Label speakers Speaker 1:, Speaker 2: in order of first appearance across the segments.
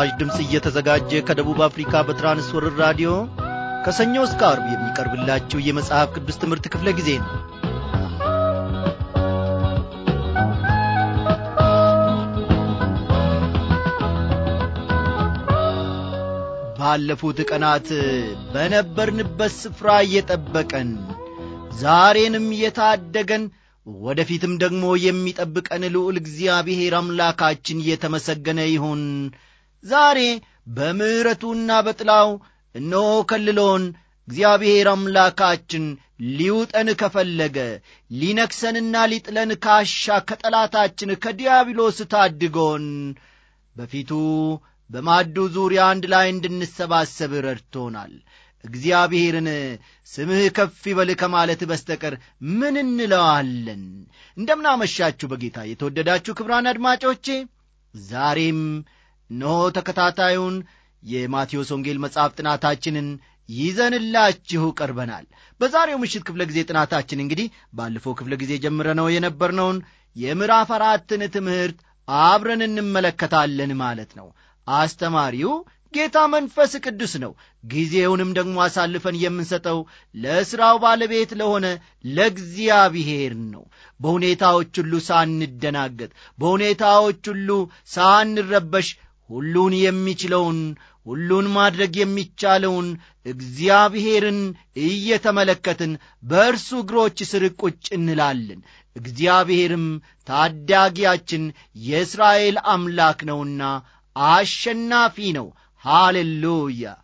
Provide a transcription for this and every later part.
Speaker 1: ለመስራች ድምፅ እየተዘጋጀ ከደቡብ አፍሪካ በትራንስወርር ራዲዮ ከሰኞ እስከ አርብ የሚቀርብላችሁ የመጽሐፍ ቅዱስ ትምህርት ክፍለ ጊዜ ነው ባለፉት ቀናት በነበርንበት ስፍራ እየጠበቀን ዛሬንም የታደገን ወደፊትም ደግሞ የሚጠብቀን ልዑል እግዚአብሔር አምላካችን እየተመሰገነ ይሁን ዛሬ በምሕረቱና በጥላው እነሆ ከልሎን እግዚአብሔር አምላካችን ሊውጠን ከፈለገ ሊነክሰንና ሊጥለን ካሻ ከጠላታችን ከዲያብሎስ ታድጎን በፊቱ በማዱ ዙሪያ አንድ ላይ እንድንሰባሰብ ረድቶናል። እግዚአብሔርን ስምህ ከፍ ይበል ከማለት በስተቀር ምን እንለዋለን? እንደምናመሻችሁ በጌታ የተወደዳችሁ ክብራን አድማጮቼ ዛሬም እነሆ ተከታታዩን የማቴዎስ ወንጌል መጽሐፍ ጥናታችንን ይዘንላችሁ ቀርበናል። በዛሬው ምሽት ክፍለ ጊዜ ጥናታችን እንግዲህ ባለፈው ክፍለ ጊዜ ጀምረነው የነበርነውን የምዕራፍ አራትን ትምህርት አብረን እንመለከታለን ማለት ነው። አስተማሪው ጌታ መንፈስ ቅዱስ ነው። ጊዜውንም ደግሞ አሳልፈን የምንሰጠው ለሥራው ባለቤት ለሆነ ለእግዚአብሔር ነው። በሁኔታዎች ሁሉ ሳንደናገጥ፣ በሁኔታዎች ሁሉ ሳንረበሽ ሁሉን የሚችለውን ሁሉን ማድረግ የሚቻለውን እግዚአብሔርን እየተመለከትን በእርሱ እግሮች ስር ቁጭ እንላለን። እግዚአብሔርም ታዳጊያችን የእስራኤል አምላክ ነውና አሸናፊ ነው። ሃሌሉያ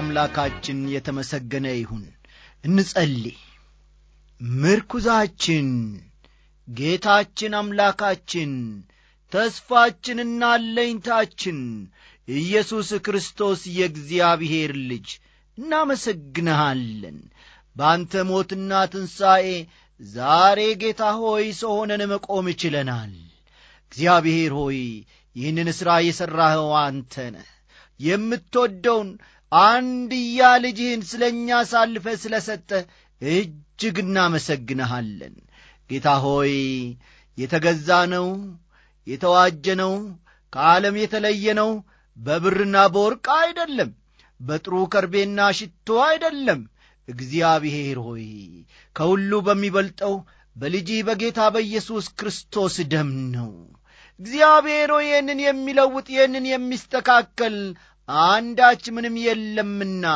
Speaker 1: አምላካችን የተመሰገነ ይሁን እንጸልይ ምርኩዛችን ጌታችን አምላካችን ተስፋችንና አለኝታችን ኢየሱስ ክርስቶስ የእግዚአብሔር ልጅ እናመሰግንሃለን በአንተ ሞትና ትንሣኤ ዛሬ ጌታ ሆይ ሰሆነን መቆም ችለናል እግዚአብሔር ሆይ ይህንን ሥራ የሠራኸው አንተ ነህ የምትወደውን አንድያ ልጅህን ስለ እኛ ሳልፈ ስለ ሰጠ እጅግ እናመሰግንሃለን። ጌታ ሆይ የተገዛ ነው የተዋጀ ነው ከዓለም የተለየ ነው። በብርና በወርቅ አይደለም፣ በጥሩ ከርቤና ሽቶ አይደለም። እግዚአብሔር ሆይ ከሁሉ በሚበልጠው በልጅህ በጌታ በኢየሱስ ክርስቶስ ደም ነው። እግዚአብሔር ሆይ ይህንን የሚለውጥ ይህንን የሚስተካከል አንዳች ምንም የለምና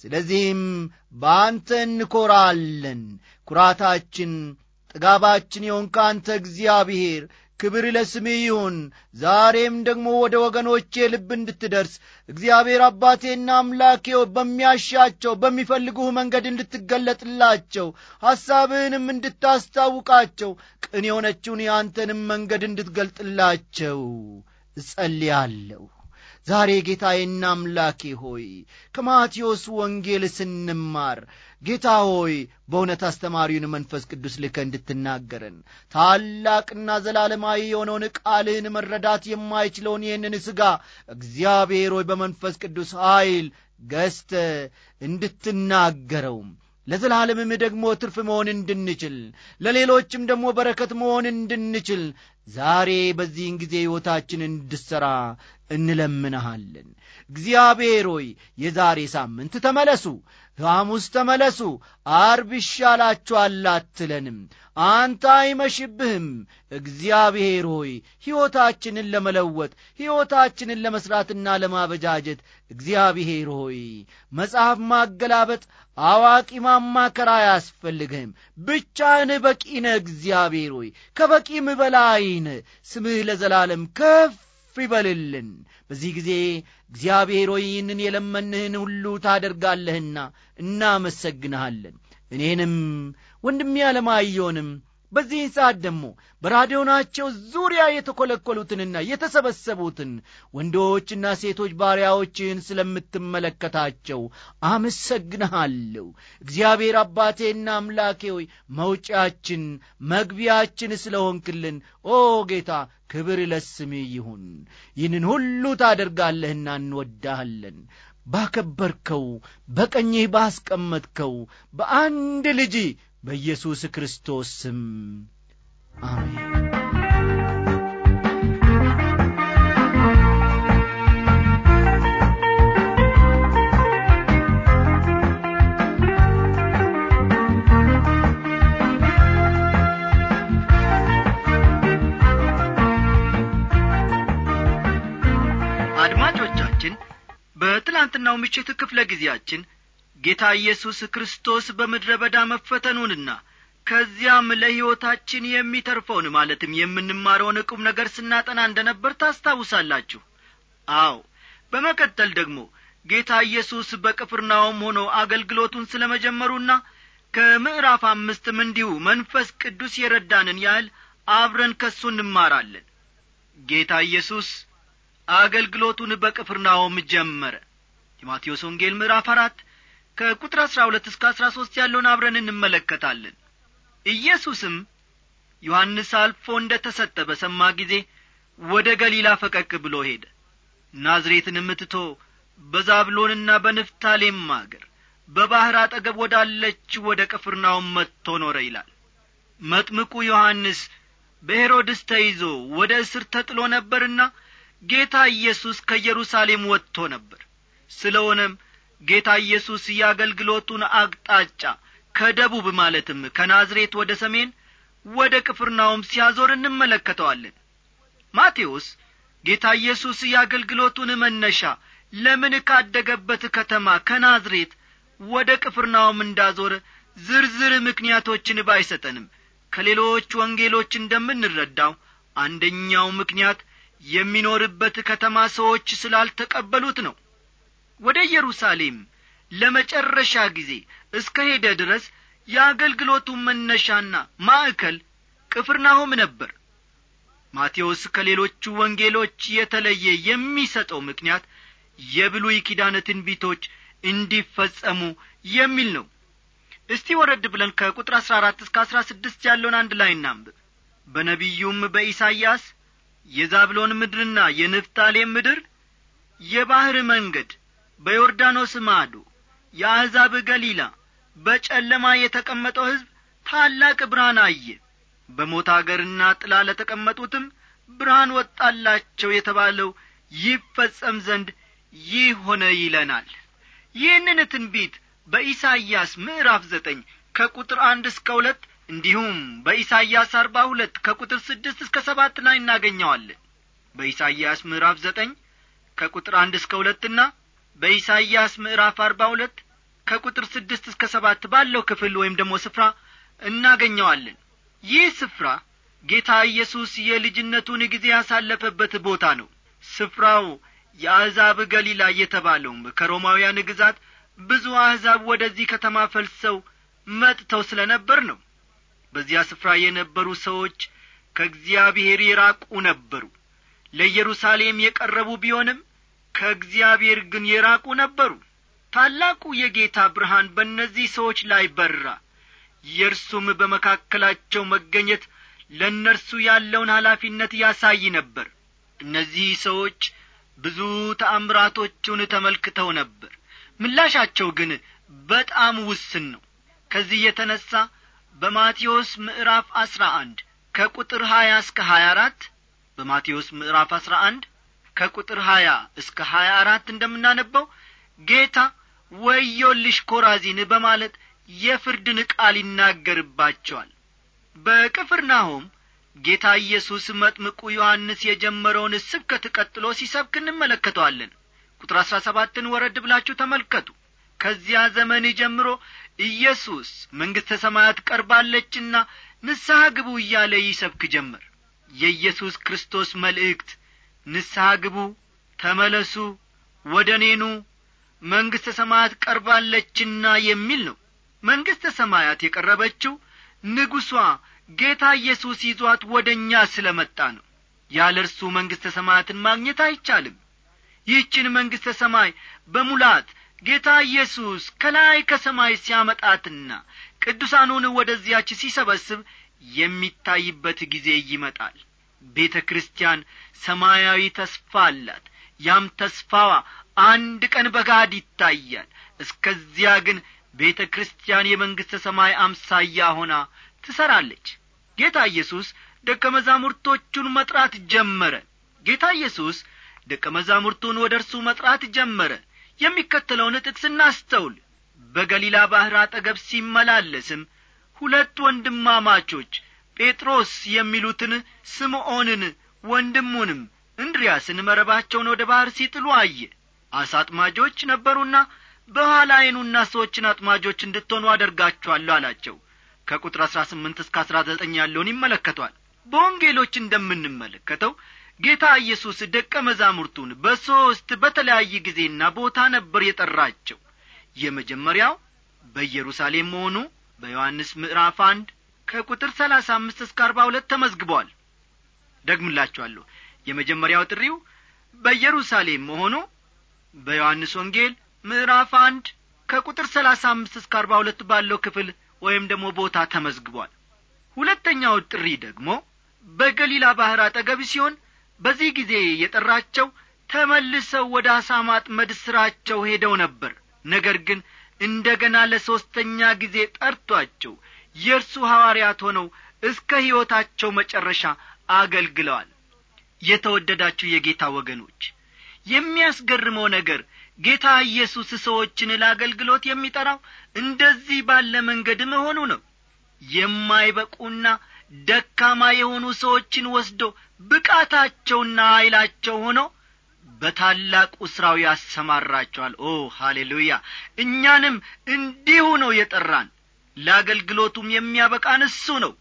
Speaker 1: ስለዚህም በአንተ እንኰራለን። ኵራታችን ጥጋባችን የሆን ከአንተ እግዚአብሔር ክብር ለስምህ ይሁን። ዛሬም ደግሞ ወደ ወገኖቼ ልብ እንድትደርስ እግዚአብሔር አባቴና አምላኬው በሚያሻቸው በሚፈልጉህ መንገድ እንድትገለጥላቸው ሐሳብህንም እንድታስታውቃቸው ቅን የሆነችውን የአንተንም መንገድ እንድትገልጥላቸው እጸልያለሁ። ዛሬ ጌታዬና አምላኬ ሆይ ከማቴዎስ ወንጌል ስንማር ጌታ ሆይ በእውነት አስተማሪውን መንፈስ ቅዱስ ልከ እንድትናገረን ታላቅና ዘላለማዊ የሆነውን ቃልህን መረዳት የማይችለውን ይህንን ሥጋ እግዚአብሔር ሆይ በመንፈስ ቅዱስ ኀይል ገዝተ እንድትናገረውም ለዘላለምም ደግሞ ትርፍ መሆን እንድንችል ለሌሎችም ደግሞ በረከት መሆን እንድንችል ዛሬ በዚህን ጊዜ ሕይወታችን እንድሠራ እንለምንሃለን። እግዚአብሔር ሆይ የዛሬ ሳምንት ተመለሱ፣ ሐሙስ ተመለሱ፣ አርብ ይሻላችኋል አትለንም። አንተ አይመሽብህም። እግዚአብሔር ሆይ ሕይወታችንን ለመለወጥ ሕይወታችንን ለመሥራትና ለማበጃጀት እግዚአብሔር ሆይ መጽሐፍ ማገላበጥ፣ አዋቂ ማማከራ አያስፈልግህም። ብቻህን በቂነ እግዚአብሔር ሆይ ከበቂም በላይ አድን። ስምህ ለዘላለም ከፍ ይበልልን። በዚህ ጊዜ እግዚአብሔር ሆይ ይህንን የለመንህን ሁሉ ታደርጋለህና እናመሰግንሃለን። እኔንም ወንድሜ ዓለማየሁንም በዚህን ሰዓት ደግሞ በራዲዮናቸው ዙሪያ የተኰለኰሉትንና የተሰበሰቡትን ወንዶችና ሴቶች ባሪያዎችህን ስለምትመለከታቸው አመሰግንሃለሁ። እግዚአብሔር አባቴና አምላኬ ሆይ መውጫችን መግቢያችን ስለ ሆንክልን ኦ ጌታ ክብር ለስሜ ይሁን። ይህንን ሁሉ ታደርጋለህና እንወዳሃለን ባከበርከው በቀኝህ ባስቀመጥከው በአንድ ልጅ በኢየሱስ ክርስቶስ ስም አሜን አድማጮቻችን በትላንትናው ምሽት ክፍለ ጊዜያችን ጌታ ኢየሱስ ክርስቶስ በምድረ በዳ መፈተኑንና ከዚያም ለሕይወታችን የሚተርፈውን ማለትም የምንማረውን ዕቁም ነገር ስናጠና እንደ ነበር ታስታውሳላችሁ አዎ በመቀጠል ደግሞ ጌታ ኢየሱስ በቅፍርናውም ሆኖ አገልግሎቱን ስለ መጀመሩና ከምዕራፍ አምስትም እንዲሁ መንፈስ ቅዱስ የረዳንን ያህል አብረን ከሱ እንማራለን ጌታ ኢየሱስ አገልግሎቱን በቅፍርናውም ጀመረ ጢሞቴዎስ ወንጌል ምዕራፍ አራት ከቁጥር አሥራ ሁለት እስከ አሥራ ሦስት ያለውን አብረን እንመለከታለን ኢየሱስም ዮሐንስ አልፎ እንደ ተሰጠ በሰማ ጊዜ ወደ ገሊላ ፈቀቅ ብሎ ሄደ ናዝሬትንም ትቶ በዛብሎንና በንፍታሌም አገር በባሕር አጠገብ ወዳለች ወደ ቅፍርናውም መጥቶ ኖረ ይላል መጥምቁ ዮሐንስ በሄሮድስ ተይዞ ወደ እስር ተጥሎ ነበርና ጌታ ኢየሱስ ከኢየሩሳሌም ወጥቶ ነበር ስለሆነም ጌታ ኢየሱስ የአገልግሎቱን አቅጣጫ ከደቡብ ማለትም ከናዝሬት ወደ ሰሜን ወደ ቅፍርናውም ሲያዞር እንመለከተዋለን ማቴዎስ ጌታ ኢየሱስ የአገልግሎቱን መነሻ ለምን ካደገበት ከተማ ከናዝሬት ወደ ቅፍርናውም እንዳዞር ዝርዝር ምክንያቶችን ባይሰጠንም ከሌሎች ወንጌሎች እንደምንረዳው አንደኛው ምክንያት የሚኖርበት ከተማ ሰዎች ስላልተቀበሉት ነው ወደ ኢየሩሳሌም ለመጨረሻ ጊዜ እስከ ሄደ ድረስ የአገልግሎቱ መነሻና ማዕከል ቅፍርናሆም ነበር ማቴዎስ ከሌሎቹ ወንጌሎች የተለየ የሚሰጠው ምክንያት የብሉይ ኪዳነትን ትንቢቶች እንዲፈጸሙ የሚል ነው እስቲ ወረድ ብለን ከቁጥር አሥራ አራት እስከ አሥራ ስድስት ያለውን አንድ ላይ እናንብብ በነቢዩም በኢሳይያስ የዛብሎን ምድርና የንፍታሌም ምድር የባሕር መንገድ በዮርዳኖስ ማዶ የአሕዛብ ገሊላ በጨለማ የተቀመጠው ሕዝብ ታላቅ ብርሃን አየ በሞት አገርና ጥላ ለተቀመጡትም ብርሃን ወጣላቸው የተባለው ይፈጸም ዘንድ ይህ ሆነ ይለናል ይህንን ትንቢት በኢሳይያስ ምዕራፍ ዘጠኝ ከቁጥር አንድ እስከ ሁለት እንዲሁም በኢሳይያስ አርባ ሁለት ከቁጥር ስድስት እስከ ሰባት ላይ እናገኘዋለን በኢሳይያስ ምዕራፍ ዘጠኝ ከቁጥር አንድ እስከ ሁለትና በኢሳይያስ ምዕራፍ አርባ ሁለት ከቁጥር ስድስት እስከ ሰባት ባለው ክፍል ወይም ደግሞ ስፍራ እናገኘዋለን ይህ ስፍራ ጌታ ኢየሱስ የልጅነቱን ጊዜ ያሳለፈበት ቦታ ነው ስፍራው የአሕዛብ ገሊላ እየተባለውም ከሮማውያን ግዛት ብዙ አሕዛብ ወደዚህ ከተማ ፈልሰው መጥተው ስለ ነበር ነው በዚያ ስፍራ የነበሩ ሰዎች ከእግዚአብሔር የራቁ ነበሩ ለኢየሩሳሌም የቀረቡ ቢሆንም ከእግዚአብሔር ግን የራቁ ነበሩ ታላቁ የጌታ ብርሃን በእነዚህ ሰዎች ላይ በራ የእርሱም በመካከላቸው መገኘት ለእነርሱ ያለውን ኃላፊነት ያሳይ ነበር እነዚህ ሰዎች ብዙ ተአምራቶቹን ተመልክተው ነበር ምላሻቸው ግን በጣም ውስን ነው ከዚህ የተነሣ በማቴዎስ ምዕራፍ አሥራ አንድ ከቁጥር ሀያ እስከ ሀያ አራት በማቴዎስ ምዕራፍ አሥራ አንድ ከቁጥር 20 እስከ 24 እንደምናነበው ጌታ ወዮልሽ ኮራዚን በማለት የፍርድን ቃል ይናገርባቸዋል በቅፍርናሆም ጌታ ኢየሱስ መጥምቁ ዮሐንስ የጀመረውን ስብከት ቀጥሎ ሲሰብክ እንመለከተዋለን ቁጥር አሥራ ሰባትን ወረድ ብላችሁ ተመልከቱ ከዚያ ዘመን ጀምሮ ኢየሱስ መንግሥተ ሰማያት ቀርባለችና ንስሐ ግቡ እያለ ይሰብክ ጀመር የኢየሱስ ክርስቶስ መልእክት ንስሐ ግቡ ተመለሱ ወደ እኔኑ መንግሥተ ሰማያት ቀርባለችና የሚል ነው መንግሥተ ሰማያት የቀረበችው ንጉሷ ጌታ ኢየሱስ ይዟት ወደ እኛ ስለ መጣ ነው ያለ እርሱ መንግሥተ ሰማያትን ማግኘት አይቻልም ይህችን መንግሥተ ሰማይ በሙላት ጌታ ኢየሱስ ከላይ ከሰማይ ሲያመጣትና ቅዱሳኑን ወደዚያች ሲሰበስብ የሚታይበት ጊዜ ይመጣል ቤተ ክርስቲያን ሰማያዊ ተስፋ አላት ያም ተስፋዋ አንድ ቀን በጋድ ይታያል እስከዚያ ግን ቤተ ክርስቲያን የመንግሥተ ሰማይ አምሳያ ሆና ትሠራለች ጌታ ኢየሱስ ደቀ መዛሙርቶቹን መጥራት ጀመረ ጌታ ኢየሱስ ደቀ መዛሙርቱን ወደ እርሱ መጥራት ጀመረ የሚከተለውን ጥቅስ እናስተውል በገሊላ ባሕር አጠገብ ሲመላለስም ሁለት ወንድማማቾች ጴጥሮስ የሚሉትን ስምዖንን ወንድሙንም እንድሪያስን መረባቸውን ወደ ባሕር ሲጥሉ አየ አሳ አጥማጆች ነበሩና በኋላ አይኑና ሰዎችን አጥማጆች እንድትሆኑ አደርጋችኋለሁ አላቸው ከቁጥር አሥራ ስምንት እስከ አሥራ ዘጠኝ ያለውን ይመለከቷል በወንጌሎች እንደምንመለከተው ጌታ ኢየሱስ ደቀ መዛሙርቱን በሦስት በተለያየ ጊዜና ቦታ ነበር የጠራቸው የመጀመሪያው በኢየሩሳሌም መሆኑ በዮሐንስ ምዕራፍ አንድ ከቁጥር 35 እስከ 42 ተመዝግቧል ደግምላችኋለሁ። የመጀመሪያው ጥሪው በኢየሩሳሌም መሆኑ በዮሐንስ ወንጌል ምዕራፍ አንድ ከቁጥር 35 እስከ 42 ባለው ክፍል ወይም ደግሞ ቦታ ተመዝግቧል። ሁለተኛው ጥሪ ደግሞ በገሊላ ባህር አጠገብ ሲሆን በዚህ ጊዜ የጠራቸው ተመልሰው ወደ አሳ ማጥመድ ሥራቸው ሄደው ነበር። ነገር ግን እንደገና ለሶስተኛ ጊዜ ጠርቷቸው የእርሱ ሐዋርያት ሆነው እስከ ሕይወታቸው መጨረሻ አገልግለዋል የተወደዳችሁ የጌታ ወገኖች የሚያስገርመው ነገር ጌታ ኢየሱስ ሰዎችን ለአገልግሎት የሚጠራው እንደዚህ ባለ መንገድ መሆኑ ነው የማይበቁና ደካማ የሆኑ ሰዎችን ወስዶ ብቃታቸውና ኃይላቸው ሆኖ በታላቁ ሥራው ያሰማራቸዋል ኦ ሃሌሉያ እኛንም እንዲሁ ነው የጠራን ለአገልግሎቱም የሚያበቃን እሱ ነው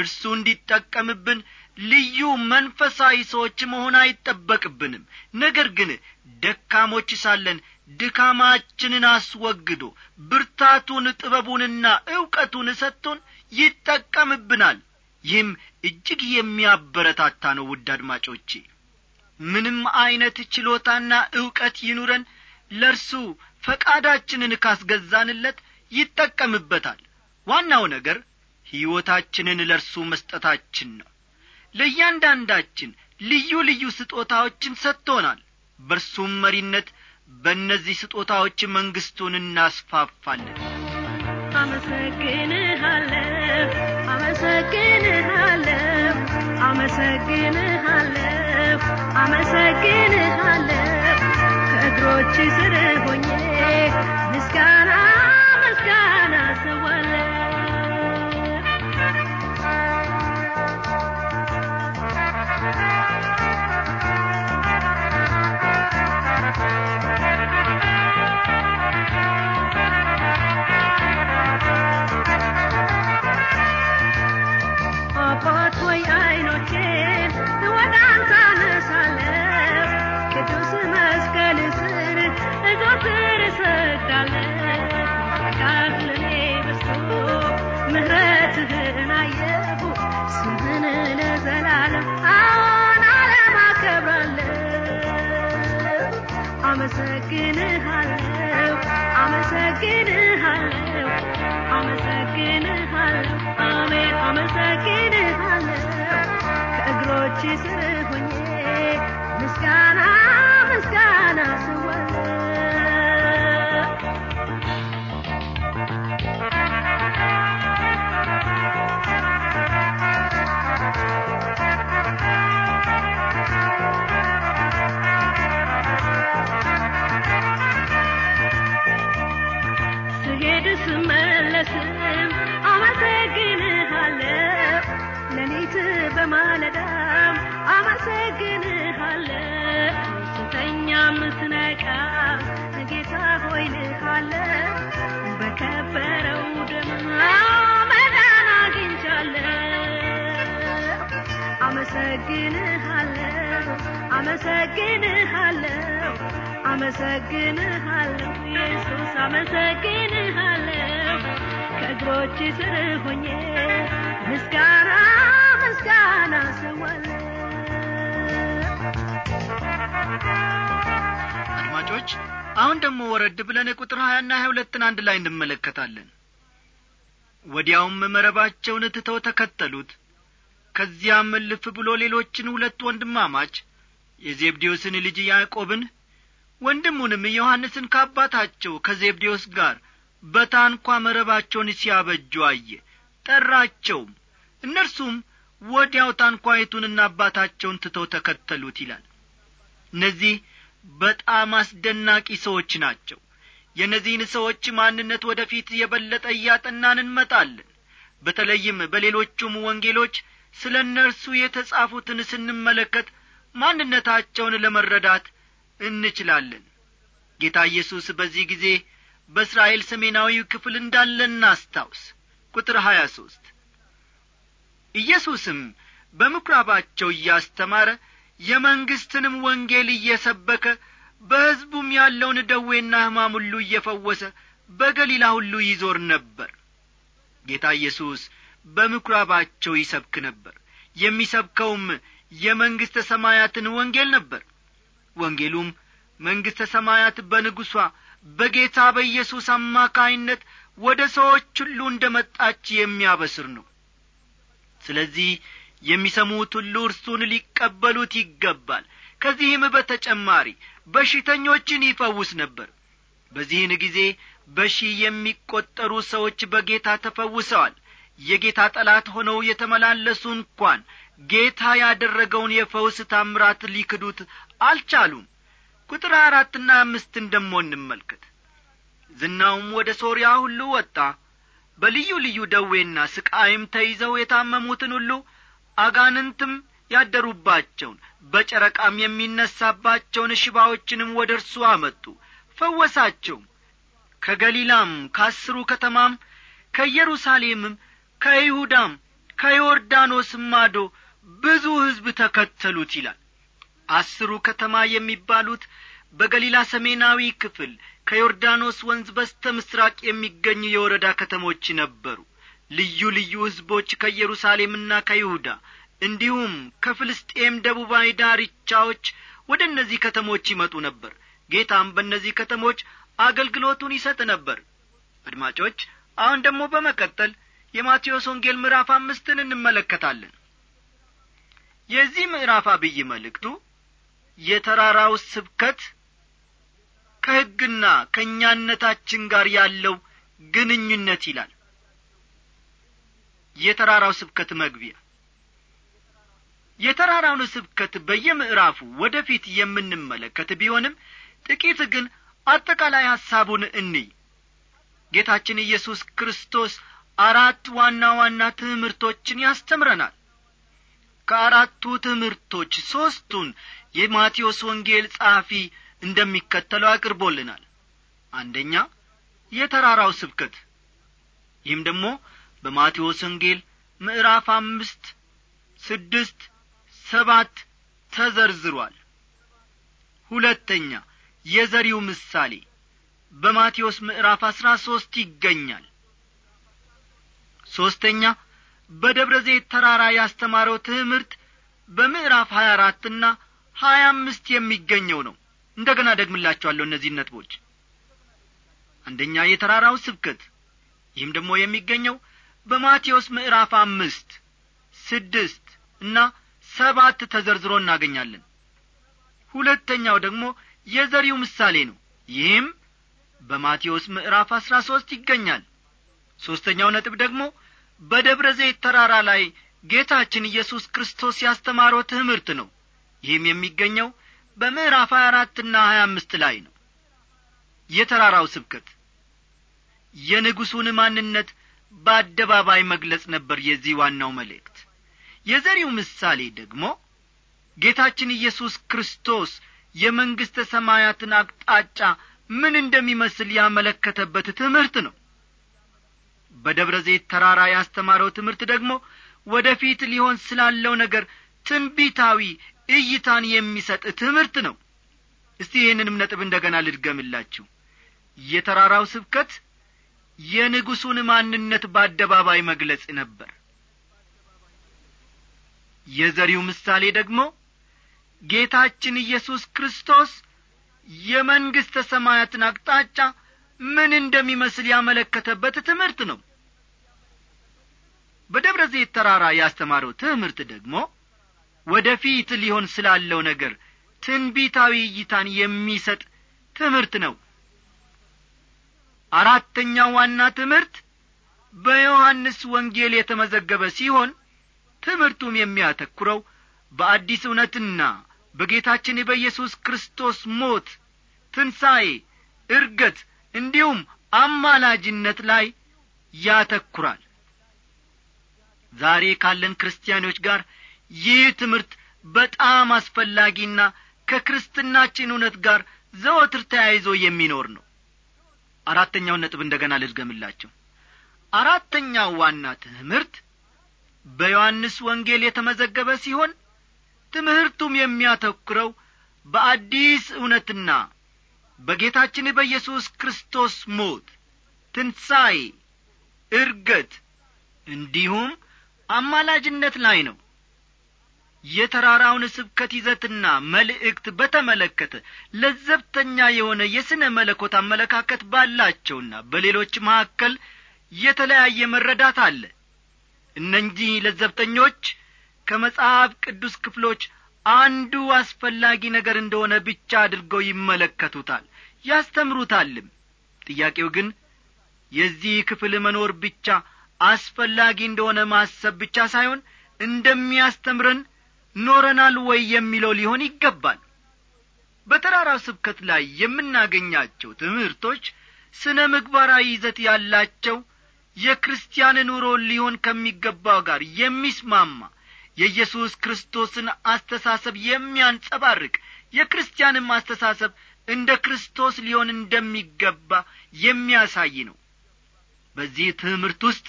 Speaker 1: እርሱ እንዲጠቀምብን ልዩ መንፈሳዊ ሰዎች መሆን አይጠበቅብንም ነገር ግን ደካሞች ሳለን ድካማችንን አስወግዶ ብርታቱን ጥበቡንና ዕውቀቱን ሰጥቶን ይጠቀምብናል ይህም እጅግ የሚያበረታታ ነው ውድ አድማጮቼ ምንም ዐይነት ችሎታና ዕውቀት ይኑረን ለእርሱ ፈቃዳችንን ካስገዛንለት ይጠቀምበታል ዋናው ነገር ሕይወታችንን ለእርሱ መስጠታችን ነው ለእያንዳንዳችን ልዩ ልዩ ስጦታዎችን ሰጥቶናል በእርሱም መሪነት በእነዚህ ስጦታዎች መንግሥቱን እናስፋፋለን
Speaker 2: አመሰግንሃለሁ አመሰግንሃለሁ አመሰግንሃለሁ አመሰግንሃለሁ ከእግሮች ስር ሆኜ ምስጋና እንዳለ ፈቃድልኔ በስቶ አሁን አመሰግንሃለሁ አመሰግንሃለሁ አመሰግንሃለሁ አሜን አመሰግንሃለሁ ከእግሮች ስር ሆኜ ምስጋና ምስጋና ስወ አድማጮች
Speaker 1: አሁን ደግሞ ወረድ ብለን ቁጥር ሀያና ሀያ ሁለትን አንድ ላይ እንመለከታለን ወዲያውም መረባቸውን ትተው ተከተሉት ከዚያም እልፍ ብሎ ሌሎችን ሁለት ወንድማማች የዜብዴዎስን ልጅ ያዕቆብን ወንድሙንም ዮሐንስን ከአባታቸው ከዜብዴዎስ ጋር በታንኳ መረባቸውን ሲያበጁ አየ ጠራቸውም እነርሱም ወዲያው ታንኳይቱንና አባታቸውን ትተው ተከተሉት ይላል እነዚህ በጣም አስደናቂ ሰዎች ናቸው የእነዚህን ሰዎች ማንነት ወደፊት የበለጠ እያጠናን እንመጣለን በተለይም በሌሎቹም ወንጌሎች ስለ እነርሱ የተጻፉትን ስንመለከት ማንነታቸውን ለመረዳት እንችላለን ጌታ ኢየሱስ በዚህ ጊዜ በእስራኤል ሰሜናዊ ክፍል እንዳለ እናስታውስ ቁጥር 23 ሦስት ኢየሱስም በምኵራባቸው እያስተማረ የመንግሥትንም ወንጌል እየሰበከ በሕዝቡም ያለውን ደዌና ሕማም ሁሉ እየፈወሰ በገሊላ ሁሉ ይዞር ነበር ጌታ ኢየሱስ በምኵራባቸው ይሰብክ ነበር የሚሰብከውም የመንግሥተ ሰማያትን ወንጌል ነበር ወንጌሉም መንግሥተ ሰማያት በንጉሷ በጌታ በኢየሱስ አማካይነት ወደ ሰዎች ሁሉ እንደ መጣች የሚያበስር ነው ስለዚህ የሚሰሙት ሁሉ እርሱን ሊቀበሉት ይገባል ከዚህም በተጨማሪ በሽተኞችን ይፈውስ ነበር በዚህን ጊዜ በሺህ የሚቈጠሩ ሰዎች በጌታ ተፈውሰዋል የጌታ ጠላት ሆነው የተመላለሱ እንኳን ጌታ ያደረገውን የፈውስ ታምራት ሊክዱት አልቻሉም ቁጥር አራትና አምስትን ደሞ እንመልከት ዝናውም ወደ ሶርያ ሁሉ ወጣ በልዩ ልዩ ደዌና ስቃይም ተይዘው የታመሙትን ሁሉ አጋንንትም ያደሩባቸውን በጨረቃም የሚነሳባቸውን ሽባዎችንም ወደ እርሱ አመጡ ፈወሳቸውም ከገሊላም ከአስሩ ከተማም ከኢየሩሳሌምም ከይሁዳም ከዮርዳኖስም ማዶ ብዙ ሕዝብ ተከተሉት ይላል አስሩ ከተማ የሚባሉት በገሊላ ሰሜናዊ ክፍል ከዮርዳኖስ ወንዝ በስተ ምስራቅ የሚገኙ የወረዳ ከተሞች ነበሩ ልዩ ልዩ ሕዝቦች ከኢየሩሳሌምና ከይሁዳ እንዲሁም ከፍልስጤም ደቡባዊ ዳርቻዎች ወደ እነዚህ ከተሞች ይመጡ ነበር ጌታም በእነዚህ ከተሞች አገልግሎቱን ይሰጥ ነበር አድማጮች አሁን ደግሞ በመቀጠል የማቴዎስ ወንጌል ምዕራፍ አምስትን እንመለከታለን የዚህ ምዕራፍ አብይ መልእክቱ የተራራው ስብከት ከሕግና ከእኛነታችን ጋር ያለው ግንኙነት ይላል የተራራው ስብከት መግቢያ የተራራውን ስብከት በየምዕራፉ ወደፊት የምንመለከት ቢሆንም ጥቂት ግን አጠቃላይ ሐሳቡን እንይ ጌታችን ኢየሱስ ክርስቶስ አራት ዋና ዋና ትምህርቶችን ያስተምረናል ከአራቱ ትምህርቶች ሦስቱን የማቴዎስ ወንጌል ጸሐፊ እንደሚከተለው አቅርቦልናል አንደኛ የተራራው ስብከት ይህም ደግሞ በማቴዎስ ወንጌል ምዕራፍ አምስት ስድስት ሰባት ተዘርዝሯል ሁለተኛ የዘሪው ምሳሌ በማቴዎስ ምዕራፍ አሥራ ሦስት ይገኛል ሦስተኛ በደብረ ዘይት ተራራ ያስተማረው ትምህርት በምዕራፍ ሀያ አራትና ሀያ አምስት የሚገኘው ነው እንደ ገና ደግምላችኋለሁ እነዚህ ነጥቦች አንደኛ የተራራው ስብከት ይህም ደግሞ የሚገኘው በማቴዎስ ምዕራፍ አምስት ስድስት እና ሰባት ተዘርዝሮ እናገኛለን ሁለተኛው ደግሞ የዘሪው ምሳሌ ነው ይህም በማቴዎስ ምዕራፍ አሥራ ሦስት ይገኛል ሦስተኛው ነጥብ ደግሞ በደብረ ዘይት ተራራ ላይ ጌታችን ኢየሱስ ክርስቶስ ያስተማረው ትምህርት ነው ይህም የሚገኘው በምዕራፍ ሀያ አራትና ሀያ አምስት ላይ ነው የተራራው ስብከት የንጉሡን ማንነት በአደባባይ መግለጽ ነበር የዚህ ዋናው መልእክት የዘሪው ምሳሌ ደግሞ ጌታችን ኢየሱስ ክርስቶስ የመንግሥተ ሰማያትን አቅጣጫ ምን እንደሚመስል ያመለከተበት ትምህርት ነው በደብረ ዘይት ተራራ ያስተማረው ትምህርት ደግሞ ወደ ፊት ሊሆን ስላለው ነገር ትንቢታዊ እይታን የሚሰጥ ትምህርት ነው እስቲ ይህንንም ነጥብ እንደ ገና ልድገምላችሁ የተራራው ስብከት የንጉሡን ማንነት በአደባባይ መግለጽ ነበር የዘሪው ምሳሌ ደግሞ ጌታችን ኢየሱስ ክርስቶስ የመንግሥተ ሰማያትን አቅጣጫ ምን እንደሚመስል ያመለከተበት ትምህርት ነው በደብረ ዘይት ተራራ ያስተማረው ትምህርት ደግሞ ወደፊት ሊሆን ስላለው ነገር ትንቢታዊ እይታን የሚሰጥ ትምህርት ነው አራተኛው ዋና ትምህርት በዮሐንስ ወንጌል የተመዘገበ ሲሆን ትምህርቱም የሚያተኩረው በአዲስ እውነትና በጌታችን በኢየሱስ ክርስቶስ ሞት ትንሣኤ እርገት እንዲሁም አማላጅነት ላይ ያተኩራል ዛሬ ካለን ክርስቲያኖች ጋር ይህ ትምህርት በጣም አስፈላጊና ከክርስትናችን እውነት ጋር ዘወትር ተያይዞ የሚኖር ነው አራተኛውን ነጥብ እንደገና ልድገምላቸው አራተኛው ዋና ትምህርት በዮሐንስ ወንጌል የተመዘገበ ሲሆን ትምህርቱም የሚያተኩረው በአዲስ እውነትና በጌታችን በኢየሱስ ክርስቶስ ሞት ትንሣኤ እርገት እንዲሁም አማላጅነት ላይ ነው የተራራውን ስብከት ይዘትና መልእክት በተመለከተ ለዘብተኛ የሆነ የሥነ መለኮት አመለካከት ባላቸውና በሌሎች መካከል የተለያየ መረዳት አለ እነኚህ ለዘብተኞች ከመጽሐፍ ቅዱስ ክፍሎች አንዱ አስፈላጊ ነገር እንደሆነ ብቻ አድርገው ይመለከቱታል ያስተምሩታልም ጥያቄው ግን የዚህ ክፍል መኖር ብቻ አስፈላጊ እንደሆነ ማሰብ ብቻ ሳይሆን እንደሚያስተምረን ኖረናል ወይ የሚለው ሊሆን ይገባል በተራራው ስብከት ላይ የምናገኛቸው ትምህርቶች ስነ ምግባራዊ ይዘት ያላቸው የክርስቲያን ኑሮ ሊሆን ከሚገባው ጋር የሚስማማ የኢየሱስ ክርስቶስን አስተሳሰብ የሚያንጸባርቅ የክርስቲያንም አስተሳሰብ እንደ ክርስቶስ ሊሆን እንደሚገባ የሚያሳይ ነው በዚህ ትምህርት ውስጥ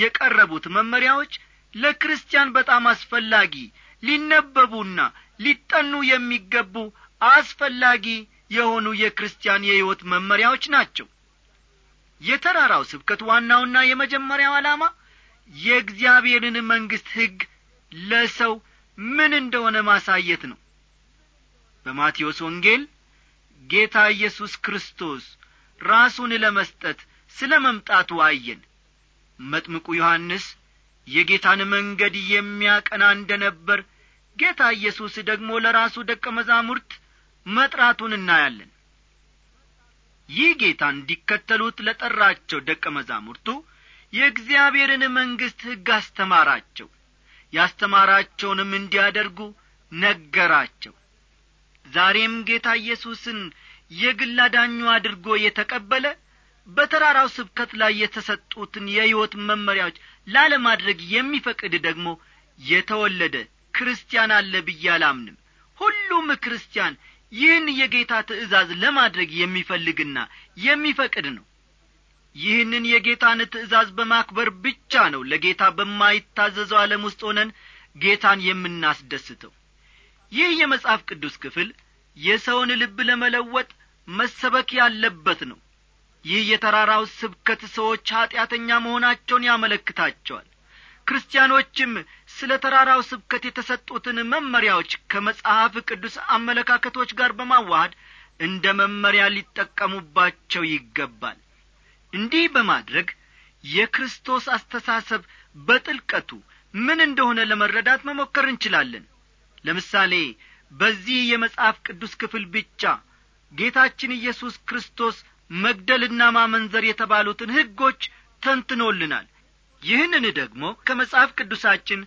Speaker 1: የቀረቡት መመሪያዎች ለክርስቲያን በጣም አስፈላጊ ሊነበቡና ሊጠኑ የሚገቡ አስፈላጊ የሆኑ የክርስቲያን የሕይወት መመሪያዎች ናቸው የተራራው ስብከት ዋናውና የመጀመሪያው ዓላማ የእግዚአብሔርን መንግሥት ሕግ ለሰው ምን እንደሆነ ማሳየት ነው በማቴዎስ ወንጌል ጌታ ኢየሱስ ክርስቶስ ራሱን ለመስጠት ስለ መምጣቱ አየን መጥምቁ ዮሐንስ የጌታን መንገድ የሚያቀና እንደ ነበር ጌታ ኢየሱስ ደግሞ ለራሱ ደቀ መዛሙርት መጥራቱን እናያለን ይህ ጌታ እንዲከተሉት ለጠራቸው ደቀ መዛሙርቱ የእግዚአብሔርን መንግሥት ሕግ አስተማራቸው ያስተማራቸውንም እንዲያደርጉ ነገራቸው ዛሬም ጌታ ኢየሱስን የግላ ዳኙ አድርጎ የተቀበለ በተራራው ስብከት ላይ የተሰጡትን የሕይወት መመሪያዎች ላለማድረግ የሚፈቅድ ደግሞ የተወለደ ክርስቲያን አለ ብዬ አላምንም ሁሉም ክርስቲያን ይህን የጌታ ትእዛዝ ለማድረግ የሚፈልግና የሚፈቅድ ነው ይህንን የጌታን ትእዛዝ በማክበር ብቻ ነው ለጌታ በማይታዘዘው ዓለም ውስጥ ሆነን ጌታን የምናስደስተው ይህ የመጽሐፍ ቅዱስ ክፍል የሰውን ልብ ለመለወጥ መሰበክ ያለበት ነው ይህ የተራራው ስብከት ሰዎች ኀጢአተኛ መሆናቸውን ያመለክታቸዋል ክርስቲያኖችም ስለ ተራራው ስብከት የተሰጡትን መመሪያዎች ከመጽሐፍ ቅዱስ አመለካከቶች ጋር በማዋሃድ እንደ መመሪያ ሊጠቀሙባቸው ይገባል እንዲህ በማድረግ የክርስቶስ አስተሳሰብ በጥልቀቱ ምን እንደሆነ ለመረዳት መሞከር እንችላለን ለምሳሌ በዚህ የመጽሐፍ ቅዱስ ክፍል ብቻ ጌታችን ኢየሱስ ክርስቶስ መግደልና ማመንዘር የተባሉትን ሕጎች ተንትኖልናል ይህንን ደግሞ ከመጽሐፍ ቅዱሳችን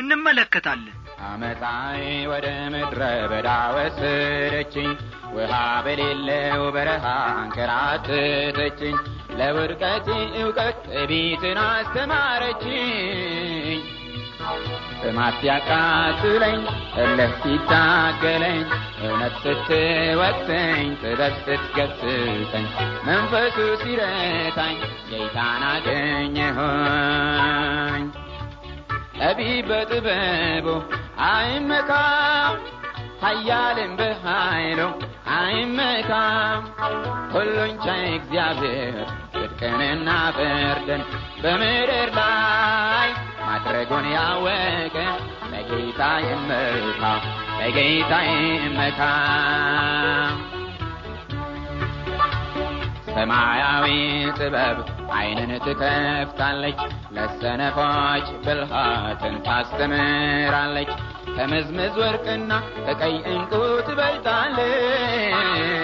Speaker 1: እንመለከታለን
Speaker 3: አመፃይ ወደ ምድረ በዳ ወሰደችኝ ውሃ በሌለው በረሃ አንከራተተችኝ ለውድቀቴ እውቀት ቤትን አስተማረችኝ ጥማት ሲያቃጥለኝ እልህ ሲታገለኝ እውነት ስትወቅሰኝ ጥበብ ስትገስጸኝ መንፈሱ ሲረታኝ ጌታን አገኘሆኝ ጠቢብ በጥበቡ አይመካም ኃያልም በኃይሉ አይመካም ሁሉን ቻይ እግዚአብሔር ጽድቅንና ፍርድን በምድር ላይ ማድረጉን ያወቀ በጌታ ይመካ በጌታ ይመካ
Speaker 4: ሰማያዊ
Speaker 3: ጥበብ ዓይንን ትከፍታለች፣ ለሰነፎች ብልሃትን ታስተምራለች። ከመዝመዝ ወርቅና ከቀይ ዕንቁ ትበልጣለች።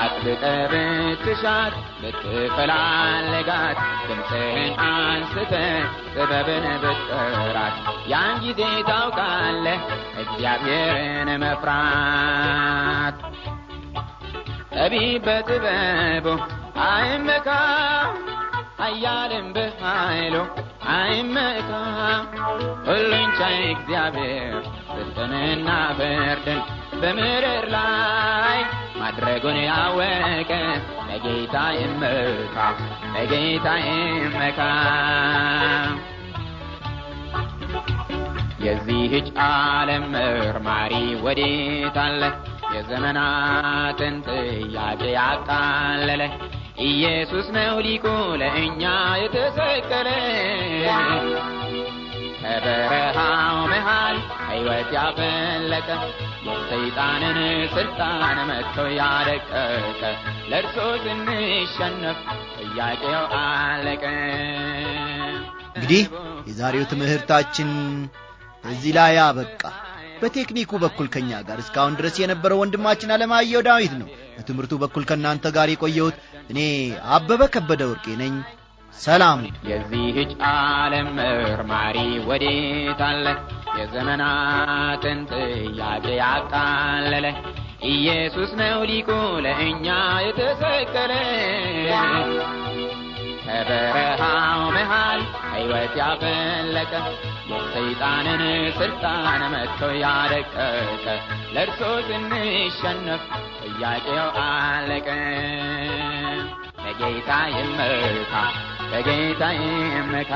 Speaker 3: አጥብቀህ ብትሻት ብትፈላልጋት ድምፅህን አንስተ ጥበብን ብትጥራት ያን ጊዜ ታውቃለህ እግዚአብሔርን መፍራት። ጠቢብ በጥበቡ አይመካ ኃያልም በኃይሉ አይመካ ሁሉን ቻይ እግዚአብሔር ብርድንና ብርድን በምድር ላይ ማድረጉን ያወቀ ለጌታ ይመካ ለጌታ ይመካ። የዚህች ዓለም መርማሪ ወዴት አለ? የዘመናትን ጥያቄ ያቃለለ ኢየሱስ ነው ሊቁ ለእኛ የተሰቀለ ከበረሃው መሃል ሕይወት ያፈለቀ የሰይጣንን ስልጣን መጥቶ ያደቀቀ ለእርሶ ስንሸነፍ ጥያቄው አለቀ።
Speaker 1: እንግዲህ የዛሬው ትምህርታችን እዚህ ላይ አበቃ። በቴክኒኩ በኩል ከእኛ ጋር እስካሁን ድረስ የነበረው ወንድማችን አለማየሁ ዳዊት ነው። በትምህርቱ በኩል ከእናንተ ጋር የቆየሁት እኔ አበበ ከበደ ወርቄ ነኝ። ሰላም
Speaker 3: የዚህች ዓለም መርማሪ ወዴት አለ የዘመናትን ጥያቄ ያቃለለ ኢየሱስ ነው ሊቁ ለእኛ የተሰቀለ ከበረሃው መሃል ሕይወት ያፈለቀ የሰይጣንን ስልጣን መጥቶ ያደቀቀ ለእርሶ ስንሸነፍ ጥያቄው አለቀ ለጌታ ይመካ በጌታዬ መካ